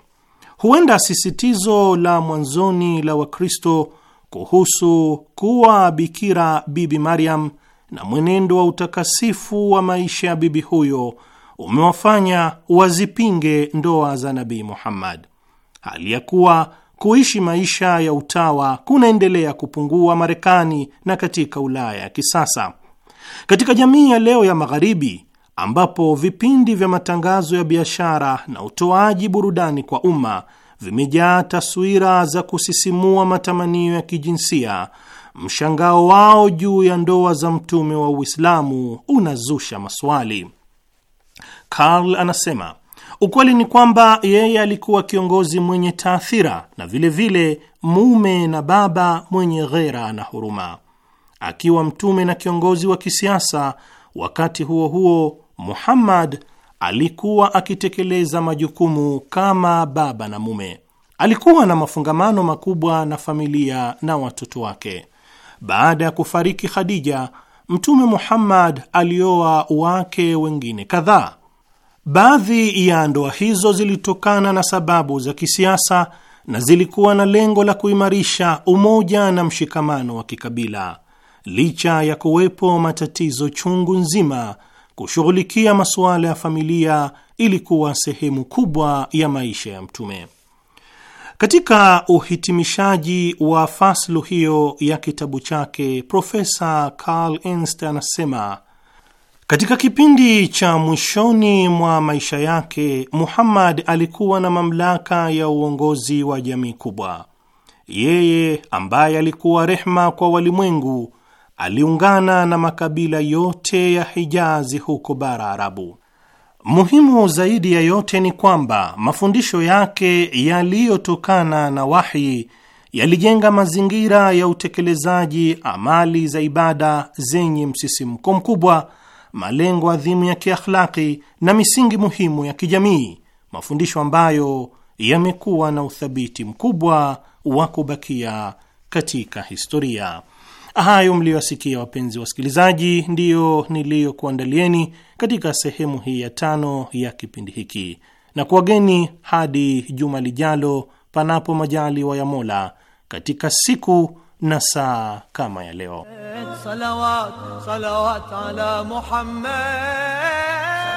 Huenda sisitizo la mwanzoni la Wakristo kuhusu kuwa bikira Bibi Maryam na mwenendo wa utakasifu wa maisha ya bibi huyo umewafanya wazipinge ndoa za Nabii Muhammad, hali ya kuwa kuishi maisha ya utawa kunaendelea kupungua Marekani na katika Ulaya ya kisasa. Katika jamii ya leo ya Magharibi, ambapo vipindi vya matangazo ya biashara na utoaji burudani kwa umma vimejaa taswira za kusisimua matamanio ya kijinsia, mshangao wao juu ya ndoa za mtume wa Uislamu unazusha maswali. Karl anasema ukweli ni kwamba yeye alikuwa kiongozi mwenye taathira na vilevile vile mume na baba mwenye ghera na huruma, akiwa mtume na kiongozi wa kisiasa. Wakati huo huo, Muhammad alikuwa akitekeleza majukumu kama baba na mume. Alikuwa na mafungamano makubwa na familia na watoto wake. Baada ya kufariki Khadija, Mtume Muhammad alioa wake wengine kadhaa. Baadhi ya ndoa hizo zilitokana na sababu za kisiasa na zilikuwa na lengo la kuimarisha umoja na mshikamano wa kikabila, licha ya kuwepo matatizo chungu nzima. Kushughulikia masuala ya familia ilikuwa sehemu kubwa ya maisha ya Mtume. Katika uhitimishaji wa faslu hiyo ya kitabu chake, Profesa Carl Ernst anasema katika kipindi cha mwishoni mwa maisha yake, Muhammad alikuwa na mamlaka ya uongozi wa jamii kubwa. Yeye ambaye alikuwa rehma kwa walimwengu, aliungana na makabila yote ya Hijazi huko bara Arabu. Muhimu zaidi ya yote ni kwamba mafundisho yake yaliyotokana na wahi yalijenga mazingira ya utekelezaji amali za ibada zenye msisimko mkubwa, malengo adhimu ya kiakhlaki na misingi muhimu ya kijamii, mafundisho ambayo yamekuwa na uthabiti mkubwa wa kubakia katika historia. Hayo mliyoyasikia wapenzi wasikilizaji, ndiyo niliyokuandalieni katika sehemu hii ya tano ya kipindi hiki, na kuwageni hadi juma lijalo, panapo majaliwa ya Mola, katika siku na saa kama ya leo. Salawat, salawat ala Muhammad.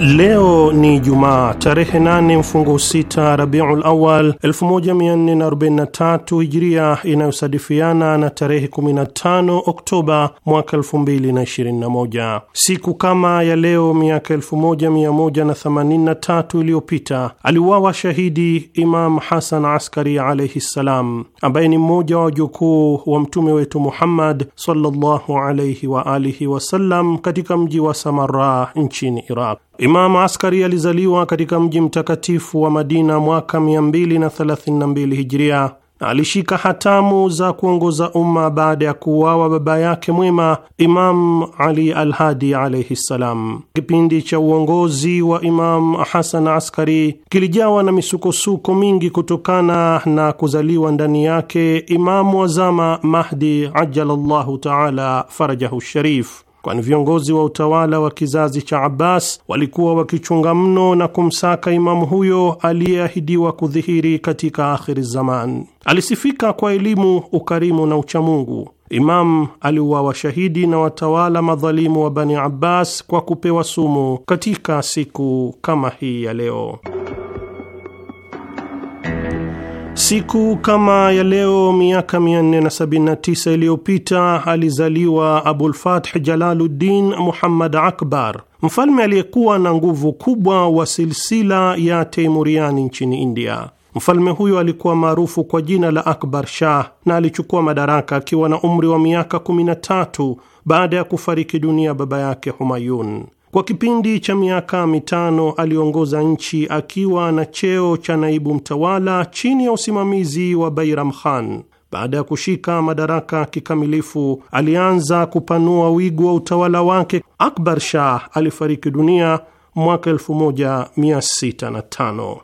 Leo ni Jumaa tarehe 8 mfungo 6 Rabiul Awal 1443 Hijria, inayosadifiana na tarehe 15 Oktoba mwaka 2021. Siku kama ya leo miaka 1183 iliyopita aliuawa shahidi Imam Hasan Askari alaihi ssalam, ambaye ni mmoja wa jukuu wa mtume wetu Muhammad sallallahu alaihi wasallam katika mji wa Samara nchini Iraq. Imamu Askari alizaliwa katika mji mtakatifu wa Madina mwaka 232 Hijiria na alishika hatamu za kuongoza umma baada ya kuuawa baba yake mwema Imam Ali Alhadi alaihi ssalam. Kipindi cha uongozi wa Imam Hasan Askari kilijawa na misukosuko mingi kutokana na kuzaliwa ndani yake Imamu wazama Mahdi ajalallahu taala farajahu sharif kwani viongozi wa utawala wa kizazi cha Abbas walikuwa wakichunga mno na kumsaka imamu huyo aliyeahidiwa kudhihiri katika akhiri zaman. Alisifika kwa elimu, ukarimu na uchamungu. Imamu aliuawa shahidi na watawala madhalimu wa Bani Abbas kwa kupewa sumu katika siku kama hii ya leo. Siku kama ya leo miaka 479 iliyopita alizaliwa Abulfath Jalaluddin Muhammad Akbar, mfalme aliyekuwa na nguvu kubwa wa silsila ya Teimuriani nchini India. Mfalme huyo alikuwa maarufu kwa jina la Akbar Shah na alichukua madaraka akiwa na umri wa miaka 13 baada ya kufariki dunia baba yake Humayun. Kwa kipindi cha miaka mitano aliongoza nchi akiwa na cheo cha naibu mtawala chini ya usimamizi wa Bairam Khan. Baada ya kushika madaraka kikamilifu, alianza kupanua wigo wa utawala wake. Akbar Shah alifariki dunia mwaka 1605.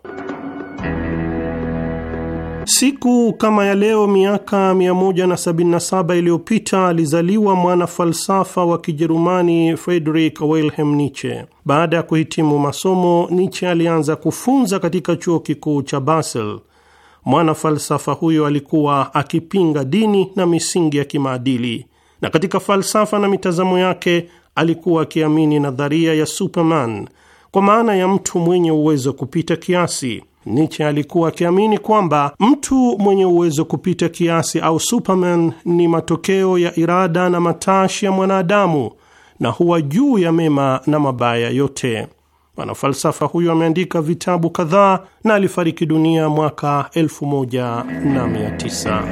Siku kama ya leo miaka 177 iliyopita alizaliwa mwana falsafa wa Kijerumani Friedrich Wilhelm Nietzsche. Baada ya kuhitimu masomo, Nietzsche alianza kufunza katika chuo kikuu cha Basel. Mwana falsafa huyo alikuwa akipinga dini na misingi ya kimaadili, na katika falsafa na mitazamo yake alikuwa akiamini nadharia ya Superman, kwa maana ya mtu mwenye uwezo kupita kiasi Nietzsche alikuwa akiamini kwamba mtu mwenye uwezo kupita kiasi au Superman ni matokeo ya irada na matashi ya mwanadamu na huwa juu ya mema na mabaya yote. Mwanafalsafa huyo ameandika vitabu kadhaa na alifariki dunia mwaka 1900.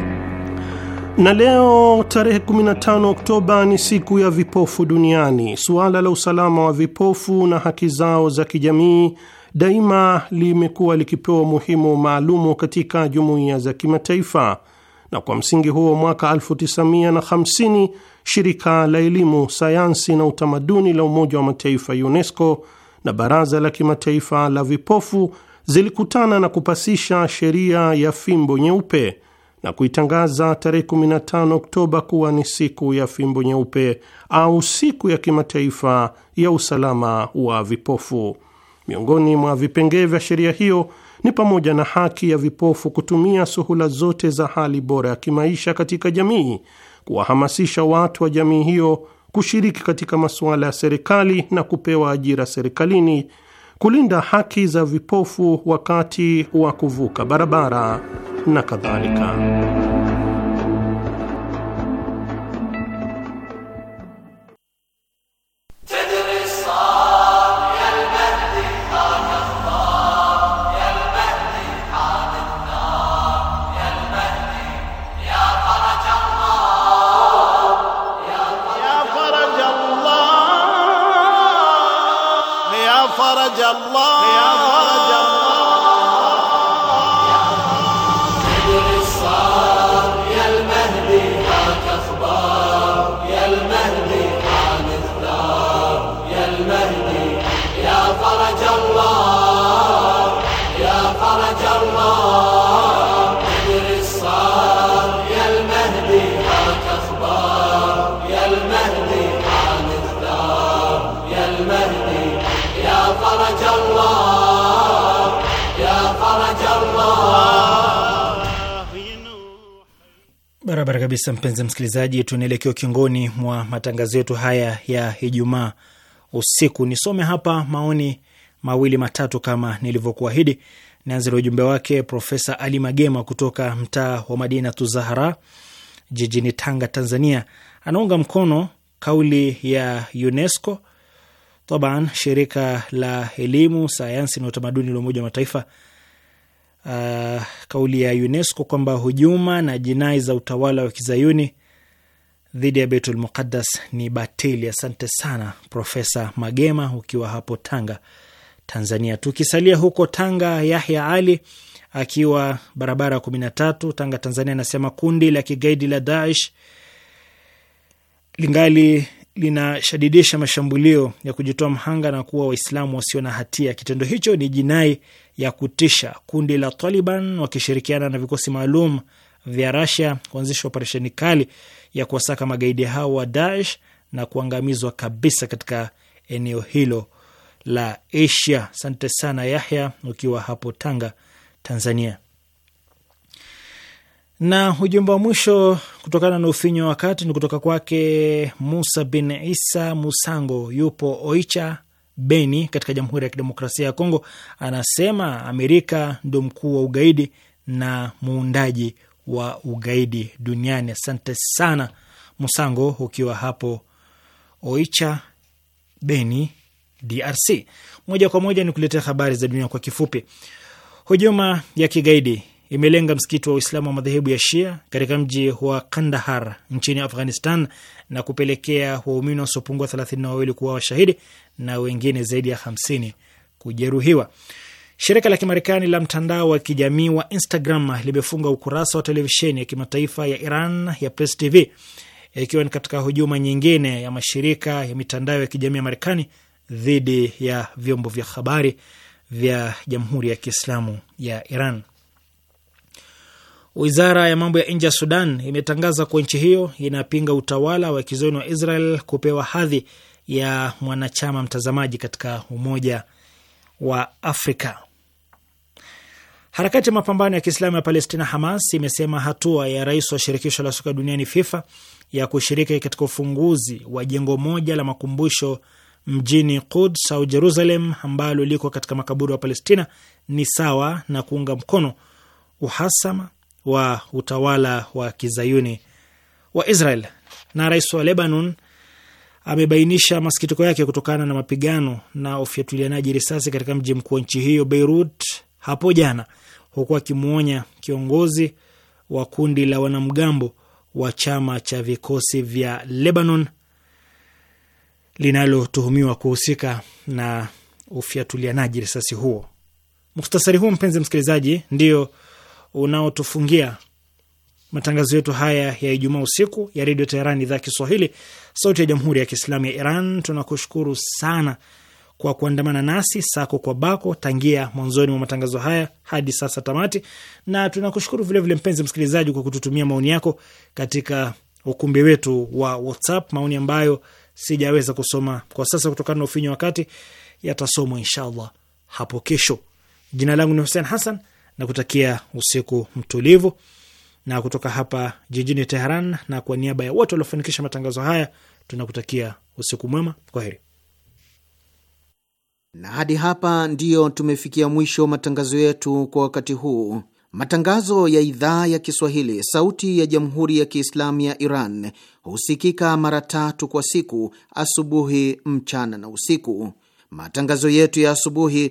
Na leo tarehe 15 Oktoba ni siku ya vipofu duniani. Suala la usalama wa vipofu na haki zao za kijamii daima limekuwa likipewa umuhimu maalumu katika jumuiya za kimataifa, na kwa msingi huo mwaka 1950 shirika la elimu, sayansi na utamaduni la Umoja wa Mataifa UNESCO na Baraza la Kimataifa la Vipofu zilikutana na kupasisha sheria ya fimbo nyeupe na kuitangaza tarehe 15 Oktoba kuwa ni siku ya fimbo nyeupe au siku ya kimataifa ya usalama wa vipofu. Miongoni mwa vipengee vya sheria hiyo ni pamoja na haki ya vipofu kutumia suhula zote za hali bora ya kimaisha katika jamii, kuwahamasisha watu wa jamii hiyo kushiriki katika masuala ya serikali na kupewa ajira serikalini, kulinda haki za vipofu wakati wa kuvuka barabara na kadhalika. kabisa, mpenzi msikilizaji, tunaelekea ukingoni mwa matangazo yetu haya ya Ijumaa usiku. Nisome hapa maoni mawili matatu kama nilivyokuahidi. Nianze na ujumbe wake Profesa Ali Magema kutoka mtaa wa Madina Tuzahara jijini Tanga, Tanzania. Anaunga mkono kauli ya UNESCO taban, shirika la elimu, sayansi na utamaduni la Umoja wa Mataifa uh, kauli ya UNESCO kwamba hujuma na jinai za utawala wa kizayuni dhidi ya Beitul Muqaddas ni batili. Asante sana Profesa Magema ukiwa hapo Tanga, Tanzania. Tukisalia huko Tanga, Yahya Ali akiwa barabara kumi na tatu, Tanga, Tanzania, anasema kundi la kigaidi la Daesh lingali linashadidisha mashambulio ya kujitoa mhanga na kuwa Waislamu wasio na hatia. Kitendo hicho ni jinai ya kutisha, kundi la Taliban wakishirikiana na vikosi maalum vya Rasia kuanzisha operesheni kali ya kuwasaka magaidi hao wa Daesh na kuangamizwa kabisa katika eneo hilo la Asia. Asante sana Yahya ukiwa hapo Tanga, Tanzania. Na ujumbe wa mwisho kutokana na ufinyo wa wakati ni kutoka kwake Musa bin Isa Musango, yupo Oicha Beni katika Jamhuri ya Kidemokrasia ya Kongo, anasema Amerika ndo mkuu wa ugaidi na muundaji wa ugaidi duniani. Asante sana Musango, ukiwa hapo Oicha, Beni, DRC. Moja kwa moja ni kuletea habari za dunia kwa kifupi. Hujuma ya kigaidi imelenga msikiti wa Uislamu wa madhehebu ya Shia katika mji wa Kandahar nchini Afghanistan na kupelekea waumini wasiopungua thelathini na wawili kuwa washahidi na wengine zaidi ya hamsini kujeruhiwa. Shirika la Kimarekani la mtandao wa kijamii wa Instagram limefunga ukurasa wa televisheni ya kimataifa ya Iran ya Press TV ikiwa ni katika hujuma nyingine ya mashirika ya mitandao ya kijamii ya Marekani dhidi ya vyombo vya habari vya Jamhuri ya Kiislamu ya Iran. Wizara ya mambo ya nje ya Sudan imetangaza kuwa nchi hiyo inapinga utawala wa kizoni wa Israel kupewa hadhi ya mwanachama mtazamaji katika Umoja wa Afrika. Harakati ya mapambano ya Kiislamu ya Palestina, Hamas, imesema hatua ya rais wa shirikisho la soka duniani FIFA ya kushiriki katika ufunguzi wa jengo moja la makumbusho mjini Quds au Jerusalem ambalo liko katika makaburi wa Palestina ni sawa na kuunga mkono uhasama wa utawala wa kizayuni wa Israel. Na rais wa Lebanon amebainisha masikitiko yake kutokana na mapigano na ufyatulianaji risasi katika mji mkuu wa nchi hiyo Beirut hapo jana, huku akimwonya kiongozi wa kundi la wanamgambo wa chama cha vikosi vya Lebanon linalotuhumiwa kuhusika na ufyatulianaji risasi huo. Mukhtasari huu mpenzi msikilizaji, ndio unaotufungia matangazo yetu haya ya Ijumaa usiku ya Redio Teheran, idhaa ya Kiswahili, sauti ya Jamhuri ya Kiislamu ya Iran. Tunakushukuru sana kwa kuandamana nasi sako kwa bako tangia mwanzoni mwa matangazo haya hadi sasa tamati, na tunakushukuru vilevile, mpenzi msikilizaji, kwa kututumia maoni yako katika ukumbi wetu wa WhatsApp, maoni ambayo sijaweza kusoma kwa sasa kutokana na ufinyo wakati, yatasomwa inshallah hapo kesho. Jina langu ni Hussein Hassan na kutakia usiku mtulivu. Na kutoka hapa jijini Teheran, na kwa niaba ya wote waliofanikisha matangazo haya, tunakutakia usiku mwema. Kwa heri. Na hadi hapa ndiyo tumefikia mwisho matangazo yetu kwa wakati huu. Matangazo ya idhaa ya Kiswahili, sauti ya jamhuri ya kiislamu ya Iran husikika mara tatu kwa siku: asubuhi, mchana na usiku. Matangazo yetu ya asubuhi